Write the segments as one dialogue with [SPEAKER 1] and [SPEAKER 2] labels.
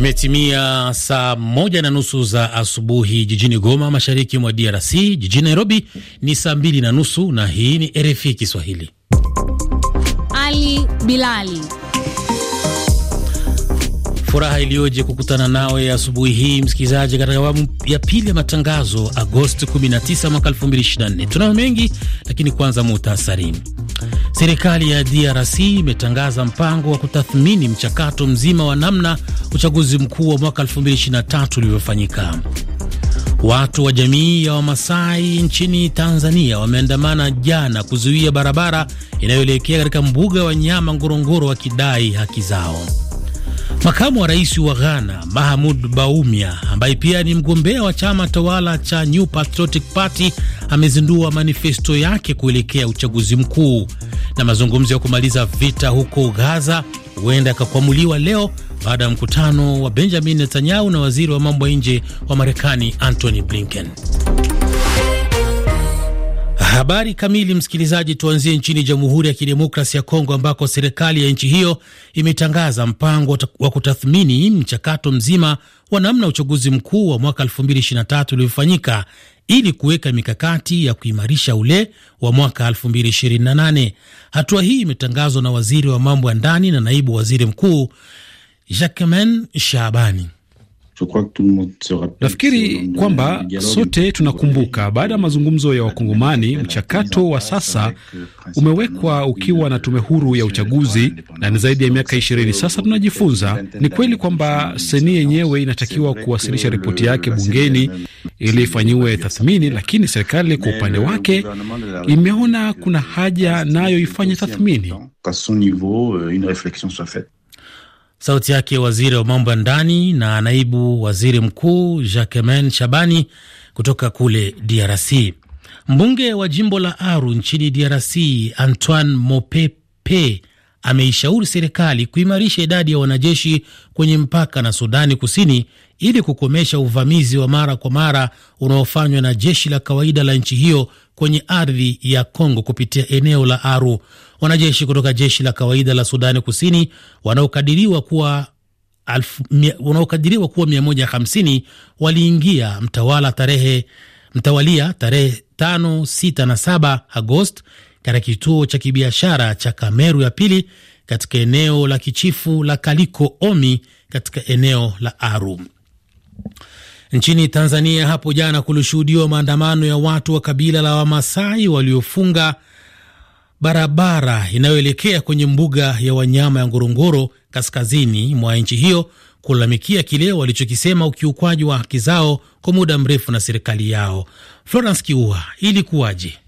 [SPEAKER 1] Imetimia saa moja na nusu za asubuhi jijini Goma, mashariki mwa DRC. Jijini Nairobi ni saa mbili na nusu na hii ni RFI Kiswahili.
[SPEAKER 2] Ali Bilali,
[SPEAKER 1] furaha iliyoje kukutana nawe asubuhi hii msikilizaji, katika awamu ya pili ya matangazo Agosti 19 mwaka 2024. Tunayo mengi, lakini kwanza muhtasari Serikali ya DRC imetangaza mpango wa kutathmini mchakato mzima wa namna uchaguzi mkuu wa mwaka 2023 ulivyofanyika. Watu wa jamii ya Wamasai nchini Tanzania wameandamana jana kuzuia barabara inayoelekea katika mbuga wa nyama Ngorongoro wakidai haki zao. Makamu wa rais wa Ghana Mahamud Baumia ambaye pia ni mgombea wa chama tawala cha New Patriotic Party amezindua manifesto yake kuelekea uchaguzi mkuu. Na mazungumzo ya kumaliza vita huko Gaza huenda yakakwamuliwa leo baada ya mkutano wa Benjamin Netanyahu na waziri wa mambo ya nje wa Marekani Antony Blinken. Habari kamili, msikilizaji, tuanzie nchini Jamhuri ya Kidemokrasi ya Kongo ambako serikali ya nchi hiyo imetangaza mpango wa kutathmini mchakato mzima wa namna uchaguzi mkuu wa mwaka 2023 uliofanyika ili kuweka mikakati ya kuimarisha ule wa mwaka 2028. Hatua hii imetangazwa na waziri wa mambo ya ndani na naibu waziri mkuu
[SPEAKER 3] Jacquemain Shabani. Nafikiri kwamba sote tunakumbuka baada ya mazungumzo ya Wakongomani, mchakato wa sasa umewekwa ukiwa na tume huru ya uchaguzi na ni zaidi ya miaka ishirini sasa. Tunajifunza, ni kweli kwamba seni yenyewe inatakiwa kuwasilisha ripoti yake bungeni ili ifanyiwe tathmini, lakini serikali kwa upande wake imeona kuna haja nayo ifanye tathmini.
[SPEAKER 1] Sauti yake waziri wa mambo ya ndani na naibu waziri mkuu Jacquemain Shabani kutoka kule DRC. Mbunge wa jimbo la Aru nchini DRC Antoine Mopepe ameishauri serikali kuimarisha idadi ya wanajeshi kwenye mpaka na Sudani Kusini ili kukomesha uvamizi wa mara kwa mara unaofanywa na jeshi la kawaida la nchi hiyo kwenye ardhi ya Kongo kupitia eneo la Aru. Wanajeshi kutoka jeshi la kawaida la Sudani Kusini wanaokadiriwa kuwa wanaokadiriwa kuwa 150 waliingia mtawala tarehe mtawalia tarehe 5, 6 na 7 Agosti katika kituo cha kibiashara cha Kameru ya pili katika eneo la kichifu la Kaliko Omi katika eneo la Aru. Nchini Tanzania hapo jana kulishuhudiwa maandamano ya watu wa kabila la Wamasai waliofunga barabara inayoelekea kwenye mbuga ya wanyama ya Ngorongoro kaskazini mwa nchi hiyo kulalamikia kile walichokisema ukiukwaji wa haki zao kwa muda mrefu na serikali yao. Florence Kiua, ilikuwaje?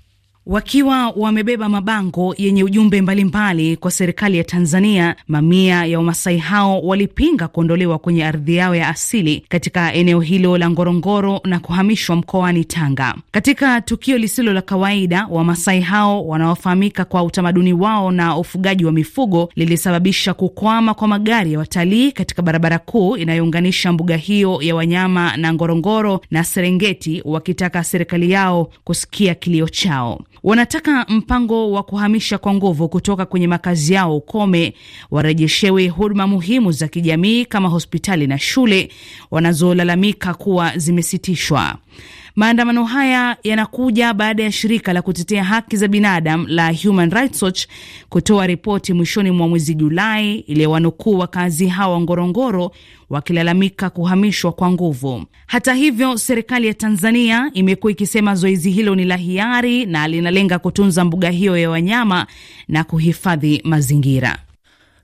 [SPEAKER 2] Wakiwa wamebeba mabango yenye ujumbe mbalimbali mbali kwa serikali ya Tanzania, mamia ya Wamasai hao walipinga kuondolewa kwenye ardhi yao ya asili katika eneo hilo la Ngorongoro na kuhamishwa mkoani Tanga. Katika tukio lisilo la kawaida, Wamasai hao wanaofahamika kwa utamaduni wao na ufugaji wa mifugo lilisababisha kukwama kwa magari ya watalii katika barabara kuu inayounganisha mbuga hiyo ya wanyama na Ngorongoro na Serengeti, wakitaka serikali yao kusikia kilio chao. Wanataka mpango wa kuhamisha kwa nguvu kutoka kwenye makazi yao ukome, warejeshewe huduma muhimu za kijamii kama hospitali na shule wanazolalamika kuwa zimesitishwa. Maandamano haya yanakuja baada ya shirika la kutetea haki za binadamu la Human Rights Watch kutoa ripoti mwishoni mwa mwezi Julai iliyowanukuu wakazi hawa wa Ngorongoro wakilalamika kuhamishwa kwa nguvu. Hata hivyo, serikali ya Tanzania imekuwa ikisema zoezi hilo ni la hiari na linalenga kutunza mbuga hiyo ya wanyama na kuhifadhi mazingira.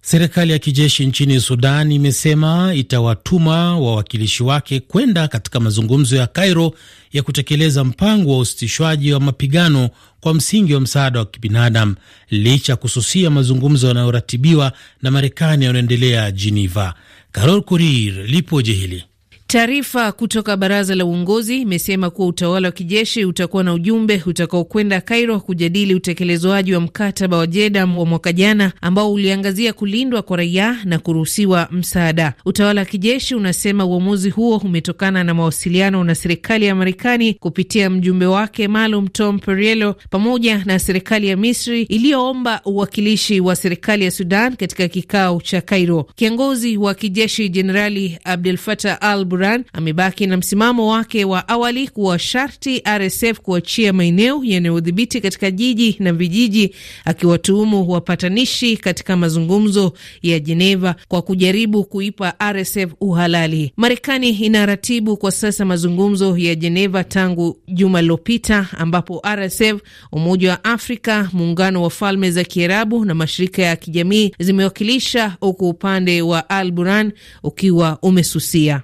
[SPEAKER 1] Serikali ya kijeshi nchini Sudan imesema itawatuma wawakilishi wake kwenda katika mazungumzo ya Kairo ya kutekeleza mpango wa usitishwaji wa mapigano kwa msingi wa msaada wa kibinadamu licha ya kususia mazungumzo yanayoratibiwa na Marekani yanayoendelea Geneva. Carol kurir lipoje hili
[SPEAKER 4] Taarifa kutoka baraza la uongozi imesema kuwa utawala wa kijeshi utakuwa na ujumbe utakaokwenda Kairo kujadili utekelezwaji wa mkataba wa Jeda wa mwaka jana ambao uliangazia kulindwa kwa raia na kuruhusiwa msaada. Utawala wa kijeshi unasema uamuzi huo umetokana na mawasiliano na serikali ya Marekani kupitia mjumbe wake maalum Tom Perriello pamoja na serikali ya Misri iliyoomba uwakilishi wa serikali ya Sudan katika kikao cha Kairo. Kiongozi wa kijeshi Jenerali Abdel Fattah al Buran amebaki na msimamo wake wa awali kuwa sharti RSF kuachia maeneo yanayodhibiti katika jiji na vijiji, akiwatuhumu wapatanishi katika mazungumzo ya Jeneva kwa kujaribu kuipa RSF uhalali. Marekani inaratibu kwa sasa mazungumzo ya Jeneva tangu juma lilopita, ambapo RSF, Umoja wa Afrika, Muungano wa Falme za Kiarabu na mashirika ya kijamii zimewakilisha, huku upande wa Al Buran ukiwa umesusia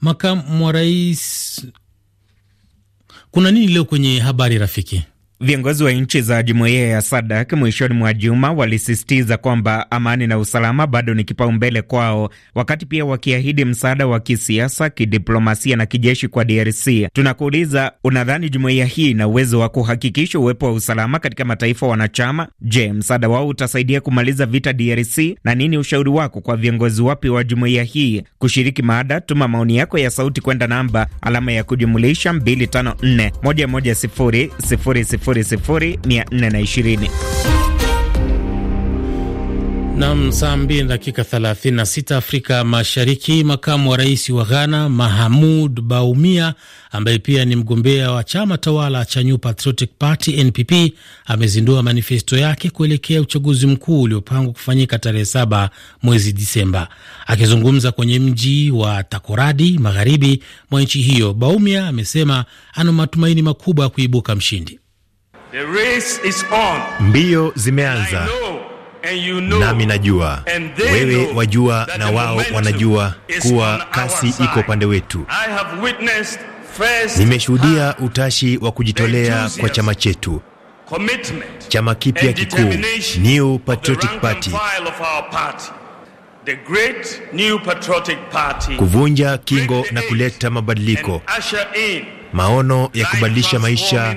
[SPEAKER 1] makamu wa rais. Kuna nini leo kwenye habari rafiki?
[SPEAKER 3] Viongozi wa nchi za jumuiya ya SADAK mwishoni mwa juma walisisitiza kwamba amani na usalama bado ni kipaumbele kwao, wakati pia wakiahidi msaada wa kisiasa, kidiplomasia na kijeshi kwa DRC. Tunakuuliza, unadhani jumuiya hii ina uwezo wa kuhakikisha uwepo wa usalama katika mataifa wanachama? Je, msaada wao utasaidia kumaliza vita DRC? Na nini ushauri wako kwa viongozi wapya wa jumuiya hii? Kushiriki maada, tuma maoni yako ya sauti kwenda namba alama ya kujumulisha 254 110 000
[SPEAKER 1] Nam, saa 2 dakika 36 Afrika Mashariki. Makamu wa rais wa Ghana Mahamud Baumia, ambaye pia ni mgombea wa chama tawala cha New Patriotic Party NPP, amezindua manifesto yake kuelekea uchaguzi mkuu uliopangwa kufanyika tarehe saba mwezi Disemba. Akizungumza kwenye mji wa Takoradi, magharibi mwa nchi hiyo, Baumia amesema ana matumaini makubwa ya kuibuka mshindi.
[SPEAKER 3] The race is on.
[SPEAKER 1] Mbio zimeanza
[SPEAKER 3] you know, nami
[SPEAKER 1] najua wewe wajua na wao wanajua kuwa kasi iko upande wetu.
[SPEAKER 3] Nimeshuhudia
[SPEAKER 1] utashi wa kujitolea kwa chama chetu,
[SPEAKER 3] chama kipya kikuu
[SPEAKER 1] New Patriotic Party,
[SPEAKER 3] The Great New Patriotic Party,
[SPEAKER 1] kuvunja kingo na kuleta mabadiliko maono ya kubadilisha maisha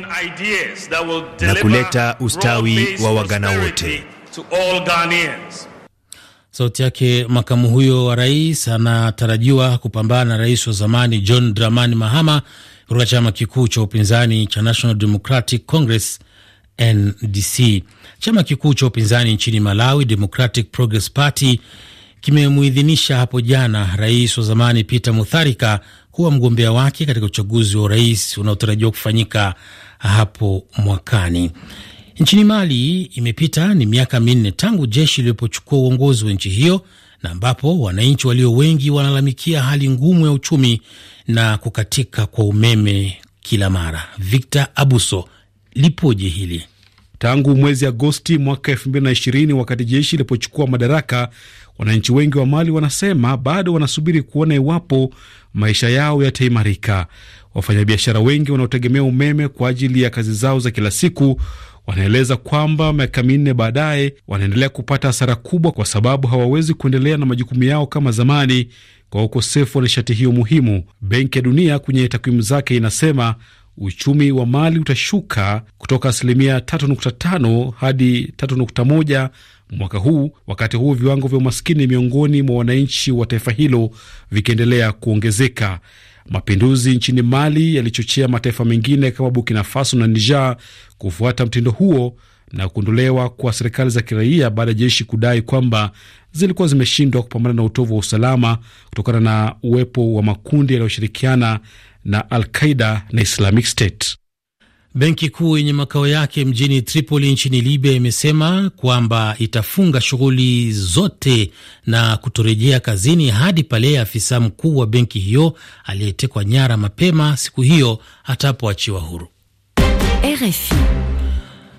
[SPEAKER 3] na kuleta ustawi wa wagana wote.
[SPEAKER 1] Sauti yake makamu huyo wa rais anatarajiwa kupambana na rais wa zamani John Dramani Mahama kutoka chama kikuu cha upinzani cha National Democratic Congress NDC. Chama kikuu cha upinzani nchini Malawi, Democratic Progress Party, kimemuidhinisha hapo jana rais wa zamani Peter Mutharika kuwa mgombea wake katika uchaguzi wa urais unaotarajiwa kufanyika hapo mwakani. Nchini Mali imepita ni miaka minne tangu jeshi lilipochukua uongozi wa nchi hiyo na ambapo wananchi walio wengi wanalalamikia hali ngumu ya uchumi na kukatika kwa umeme
[SPEAKER 3] kila mara. Victor Abuso, lipoje hili? Tangu mwezi Agosti mwaka 2020 wakati jeshi lilipochukua madaraka, Wananchi wengi wa Mali wanasema bado wanasubiri kuona iwapo maisha yao yataimarika. Wafanyabiashara wengi wanaotegemea umeme kwa ajili ya kazi zao za kila siku wanaeleza kwamba miaka minne baadaye wanaendelea kupata hasara kubwa, kwa sababu hawawezi kuendelea na majukumu yao kama zamani kwa ukosefu wa nishati hiyo muhimu. Benki ya Dunia kwenye takwimu zake inasema uchumi wa Mali utashuka kutoka asilimia 3.5 hadi 3.1 mwaka huu, wakati huu viwango vya umaskini miongoni mwa wananchi wa taifa hilo vikiendelea kuongezeka. Mapinduzi nchini Mali yalichochea mataifa mengine kama Burkina Faso na Niger kufuata mtindo huo na kuondolewa kwa serikali za kiraia baada ya jeshi kudai kwamba zilikuwa zimeshindwa kupambana na utovu wa usalama kutokana na uwepo wa makundi yanayoshirikiana na Al Qaida na Islamic State. Benki kuu yenye
[SPEAKER 1] makao yake mjini Tripoli nchini Libya imesema kwamba itafunga shughuli zote na kutorejea kazini hadi pale afisa mkuu wa benki hiyo aliyetekwa nyara mapema siku hiyo atapoachiwa huru. RFI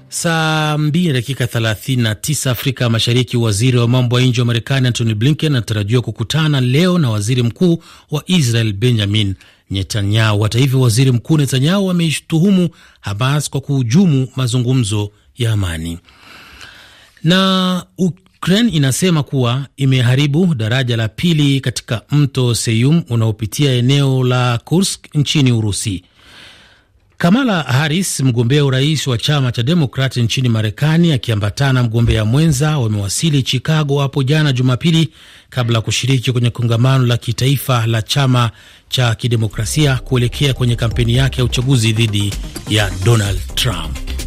[SPEAKER 1] Saa 2 dakika 39 Afrika Mashariki. Waziri wa mambo ya nje wa Marekani Antony Blinken anatarajiwa kukutana leo na waziri mkuu wa Israel Benjamin Netanyahu. Hata hivyo, waziri mkuu Netanyahu ameishtuhumu Hamas kwa kuhujumu mazungumzo ya amani. Na Ukraine inasema kuwa imeharibu daraja la pili katika mto Seyum unaopitia eneo la Kursk nchini Urusi. Kamala Harris, mgombea urais wa chama cha Demokrati nchini Marekani, akiambatana mgombea mwenza wamewasili Chicago hapo jana Jumapili, kabla ya kushiriki kwenye kongamano la kitaifa la chama cha kidemokrasia kuelekea kwenye kampeni
[SPEAKER 3] yake ya uchaguzi dhidi ya Donald Trump.